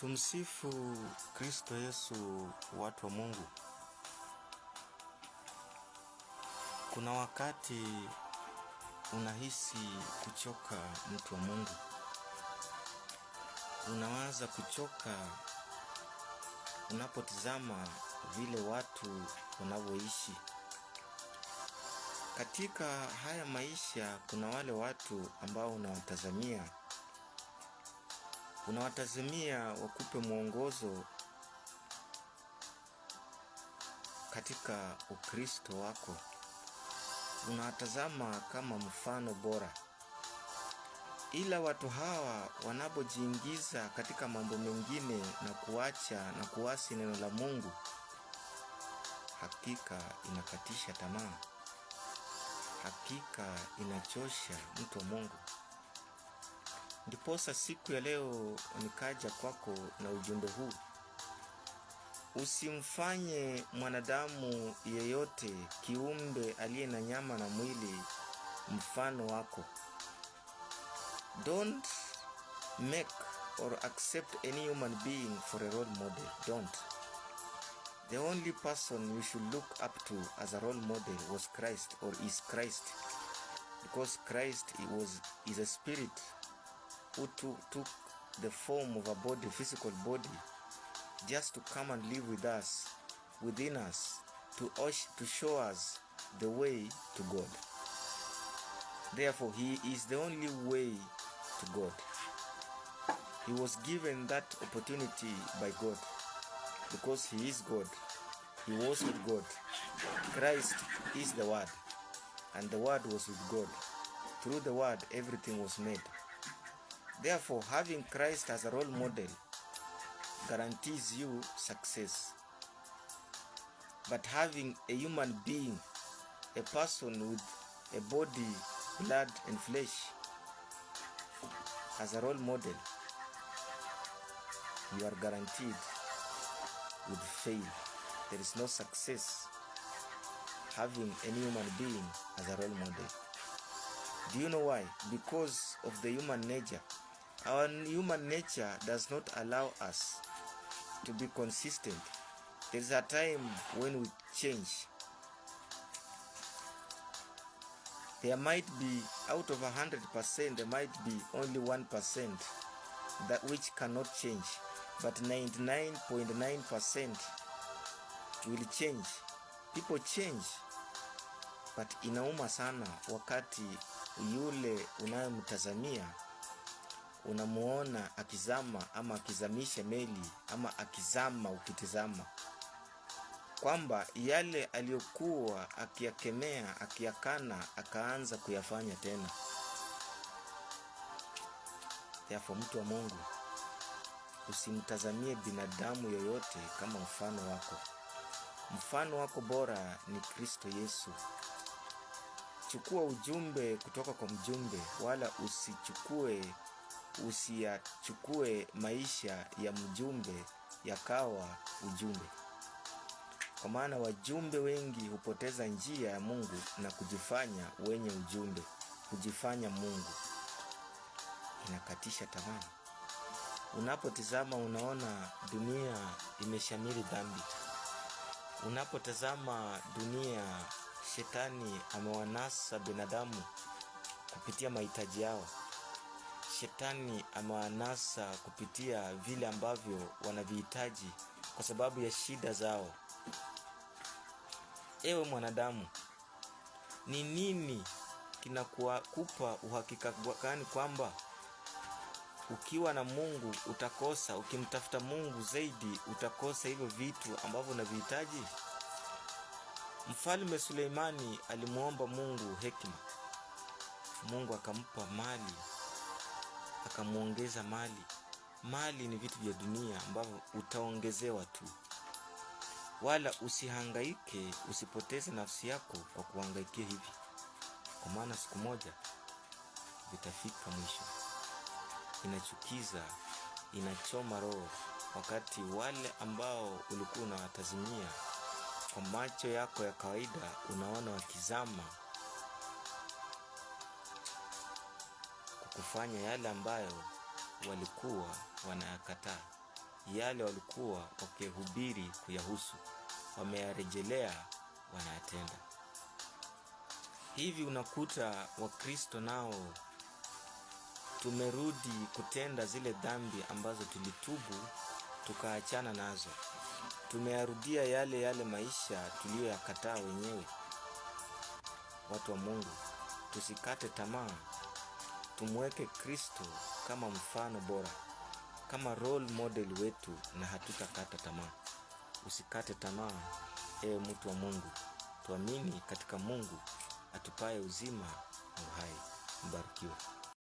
Tumsifu Kristo Yesu, watu wa Mungu. Kuna wakati unahisi kuchoka, mtu wa Mungu, unawaza kuchoka unapotizama vile watu wanavyoishi katika haya maisha. Kuna wale watu ambao unawatazamia unawatazamia wakupe mwongozo katika Ukristo wako, unawatazama kama mfano bora. Ila watu hawa wanapojiingiza katika mambo mengine na kuacha na kuasi neno la Mungu, hakika inakatisha tamaa, hakika inachosha mtu wa Mungu. Ndiposa siku ya leo nikaja kwako na ujumbe huu. Usimfanye mwanadamu yeyote, kiumbe aliye na nyama na mwili mfano wako. Don't make or accept any human being for a role model. Don't. The only person you should look up to as a role model was Christ or is Christ because Christ was is a spirit who took, took the form of a body, physical body, just to come and live with us, within us, to, us, to show us the way to God. Therefore, He is the only way to God. He was given that opportunity by God because He is God. He was with God. Christ is the Word, and the Word was with God. Through the Word, everything was made. Therefore, having Christ as a role model guarantees you success. But having a human being, a person with a body, blood, and flesh as a role model, you are guaranteed with fail. There is no success having any human being as a role model. Do you know why? Because of the human nature Our human nature does not allow us to be consistent. There is a time when we change. There might be out of 100%, there might be only 1% that which cannot change, but 99.9% will change. People change, but inauma sana wakati yule unayemtazamia unamuona akizama ama akizamisha meli ama akizama ukitizama, kwamba yale aliyokuwa akiyakemea akiyakana akaanza kuyafanya tena. Yafo, mtu wa Mungu, usimtazamie binadamu yoyote kama mfano wako. Mfano wako bora ni Kristo Yesu. Chukua ujumbe kutoka kwa mjumbe, wala usichukue usiyachukue maisha ya mjumbe yakawa ujumbe, kwa maana wajumbe wengi hupoteza njia ya Mungu na kujifanya wenye ujumbe, kujifanya Mungu. Inakatisha tamaa. Unapotizama unaona dunia imeshamiri dhambi. Unapotazama dunia, shetani amewanasa binadamu kupitia mahitaji yao shetani amewanasa kupitia vile ambavyo wanavihitaji kwa sababu ya shida zao. Ewe mwanadamu, ni nini kinakupa uhakika gani kwamba ukiwa na Mungu utakosa? Ukimtafuta Mungu zaidi utakosa hivyo vitu ambavyo unavihitaji? Mfalme Suleimani alimwomba Mungu hekima, Mungu akampa mali akamwongeza mali. Mali ni vitu vya dunia ambavyo utaongezewa tu, wala usihangaike, usipoteze nafsi yako kwa kuhangaikia hivi, kwa maana siku moja vitafika mwisho. Inachukiza, inachoma roho wakati wale ambao ulikuwa unawatazimia kwa macho yako ya kawaida unaona wakizama kufanya yale ambayo walikuwa wanayakataa, yale walikuwa wakihubiri kuyahusu, wameyarejelea wanayatenda. Hivi unakuta Wakristo nao tumerudi kutenda zile dhambi ambazo tulitubu tukaachana nazo, tumeyarudia yale yale maisha tuliyoyakataa wenyewe. Watu wa Mungu, tusikate tamaa. Tumweke Kristo kama mfano bora, kama role model wetu, na hatutakata tamaa. Usikate tamaa, ewe mtu wa Mungu. Tuamini katika Mungu atupaye uzima na uhai. Mbarikiwe.